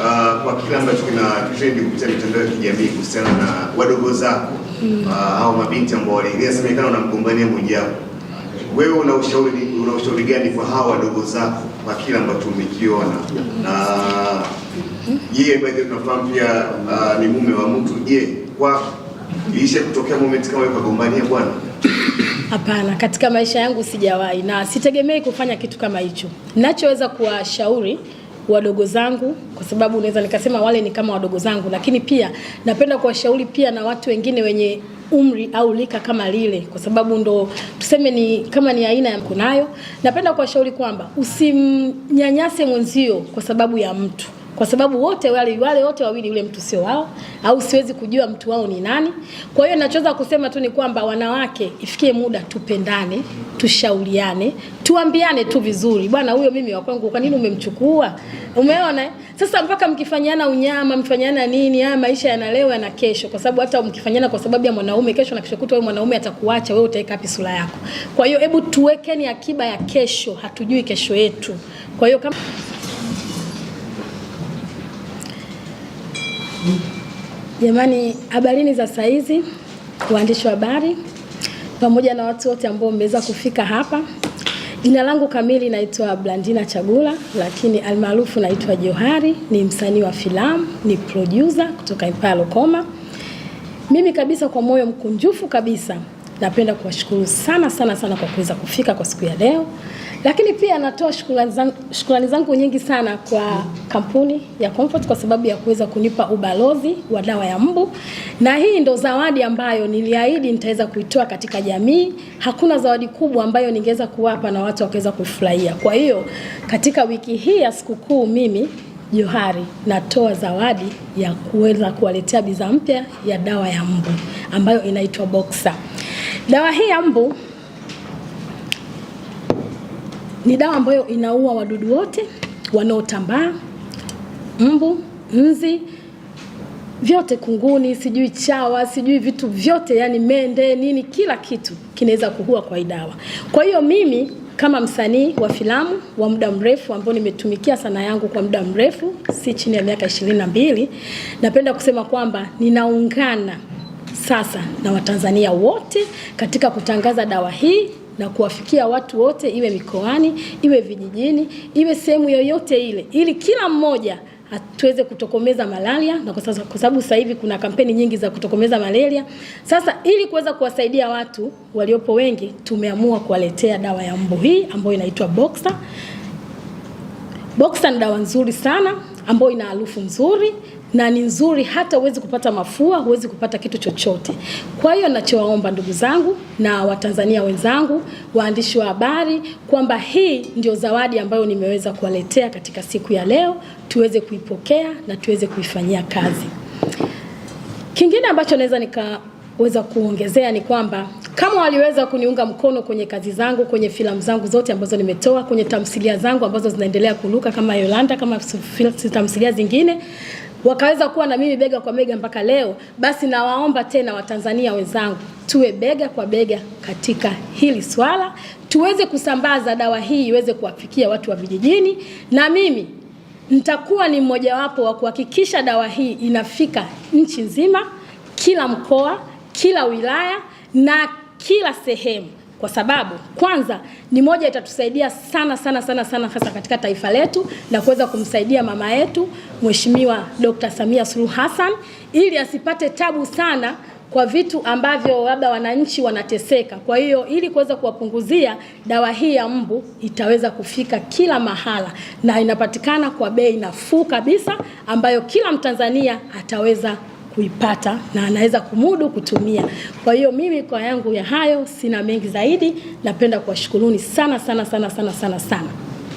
uh, kwa kile ambacho kina trendi kupitia mitandao ya kijamii kuhusiana na wadogo zako mm. uh, au mabinti ambao inasemekana unamgombania Mwijaku, wewe una ushauri una ushauri gani kwa hawa wadogo zako kwa kile ambacho umekiona? Mm. Na yeye by the way tunafahamu pia uh, ni mume wa mtu. Je, kwa ilisha kutokea moment kama hiyo kagombania bwana? Hapana, katika maisha yangu sijawahi na sitegemei kufanya kitu kama hicho. Nachoweza kuwashauri wadogo zangu, kwa sababu unaweza nikasema wale ni kama wadogo zangu, lakini pia napenda kuwashauri pia na watu wengine wenye umri au lika kama lile, kwa sababu ndo tuseme ni kama ni aina ya mkonayo. Napenda kuwashauri kwamba usimnyanyase mwenzio kwa sababu ya mtu kwa sababu wote wale wale wote wawili yule mtu sio wao, au siwezi kujua mtu wao ni nani. Kwa hiyo nachoweza kusema tu ni kwamba wanawake, ifikie muda tupendane, tushauriane, tuambiane tu vizuri, bwana, huyo mimi wa kwangu, kwa nini umemchukua? Umeona eh? sasa, mpaka mkifanyana unyama, mfanyana nini, haya maisha yana leo yana kesho, kwa sababu hata mkifanyana kwa sababu ya mwanaume, kesho na kesho kutwa wewe mwanaume atakuacha wewe, utaweka wapi sura yako? Kwa hiyo hebu tuwekeni akiba ya kesho, hatujui kesho yetu. Kwa hiyo kama Jamani, habarini za saizi, waandishi wa habari pamoja na watu wote ambao mmeweza kufika hapa. Jina langu kamili naitwa Blandina Chagula, lakini almaarufu naitwa Johari. Ni msanii wa filamu, ni producer kutoka Empire Lokoma. Mimi kabisa kwa moyo mkunjufu kabisa napenda kuwashukuru sana sana sana kwa kuweza kufika kwa siku ya leo. Lakini pia natoa shukrani zangu, shukrani zangu nyingi sana kwa kampuni ya Comfort kwa sababu ya kuweza kunipa ubalozi wa dawa ya mbu, na hii ndo zawadi ambayo niliahidi nitaweza kuitoa katika jamii. Hakuna zawadi kubwa ambayo ningeweza kuwapa na watu wakaweza kufurahia. Kwa hiyo katika wiki hii ya sikukuu mimi Johari natoa zawadi ya kuweza kuwaletea bidhaa mpya ya dawa ya mbu ambayo inaitwa Boxer. Dawa hii ya mbu ni dawa ambayo inaua wadudu wote wanaotambaa, mbu, nzi, vyote, kunguni, sijui chawa, sijui vitu vyote, yani mende, nini, kila kitu kinaweza kuua kwa hii dawa. Kwa hiyo mimi kama msanii wa filamu wa muda mrefu ambao nimetumikia sana yangu kwa muda mrefu, si chini ya miaka ishirini na mbili, napenda kusema kwamba ninaungana sasa na Watanzania wote katika kutangaza dawa hii na kuwafikia watu wote, iwe mikoani, iwe vijijini, iwe sehemu yoyote ile, ili kila mmoja tuweze kutokomeza malaria, na kwa sababu sasa hivi kuna kampeni nyingi za kutokomeza malaria. Sasa ili kuweza kuwasaidia watu waliopo wengi, tumeamua kuwaletea dawa ya mbu hii ambayo inaitwa Boxa. Boxa ni dawa nzuri sana ambayo ina harufu nzuri, na ni nzuri, hata huwezi kupata mafua, huwezi kupata kitu chochote. Kwa hiyo nachowaomba ndugu zangu na Watanzania wenzangu, waandishi wa habari, kwamba hii ndio zawadi ambayo nimeweza kuwaletea katika siku ya leo, tuweze kuipokea na tuweze kuifanyia kazi. Kingine ambacho naweza nikaweza kuongezea ni kwamba kama waliweza kuniunga mkono kwenye kazi zangu, kwenye filamu zangu zote ambazo nimetoa, kwenye tamthilia zangu ambazo zinaendelea kuruka kama Yolanda, kama tamthilia zingine, wakaweza kuwa na mimi bega kwa bega mpaka leo, basi nawaomba tena Watanzania wenzangu tuwe bega kwa bega katika hili swala, tuweze kusambaza dawa hii iweze kuwafikia watu wa vijijini, na mimi nitakuwa ni mmojawapo wa kuhakikisha dawa hii inafika nchi nzima, kila mkoa, kila wilaya na kila sehemu kwa sababu kwanza ni moja itatusaidia sana sana sana sana hasa katika taifa letu na kuweza kumsaidia mama yetu Mheshimiwa Dr. Samia Suluhu Hassan ili asipate tabu sana kwa vitu ambavyo labda wananchi wanateseka. Kwa hiyo ili kuweza kuwapunguzia, dawa hii ya mbu itaweza kufika kila mahala na inapatikana kwa bei nafuu kabisa ambayo kila Mtanzania ataweza kuipata na anaweza kumudu kutumia. Kwa hiyo mimi kwa yangu ya hayo sina mengi zaidi, napenda kuwashukuruni sana sana sana sana sana sana.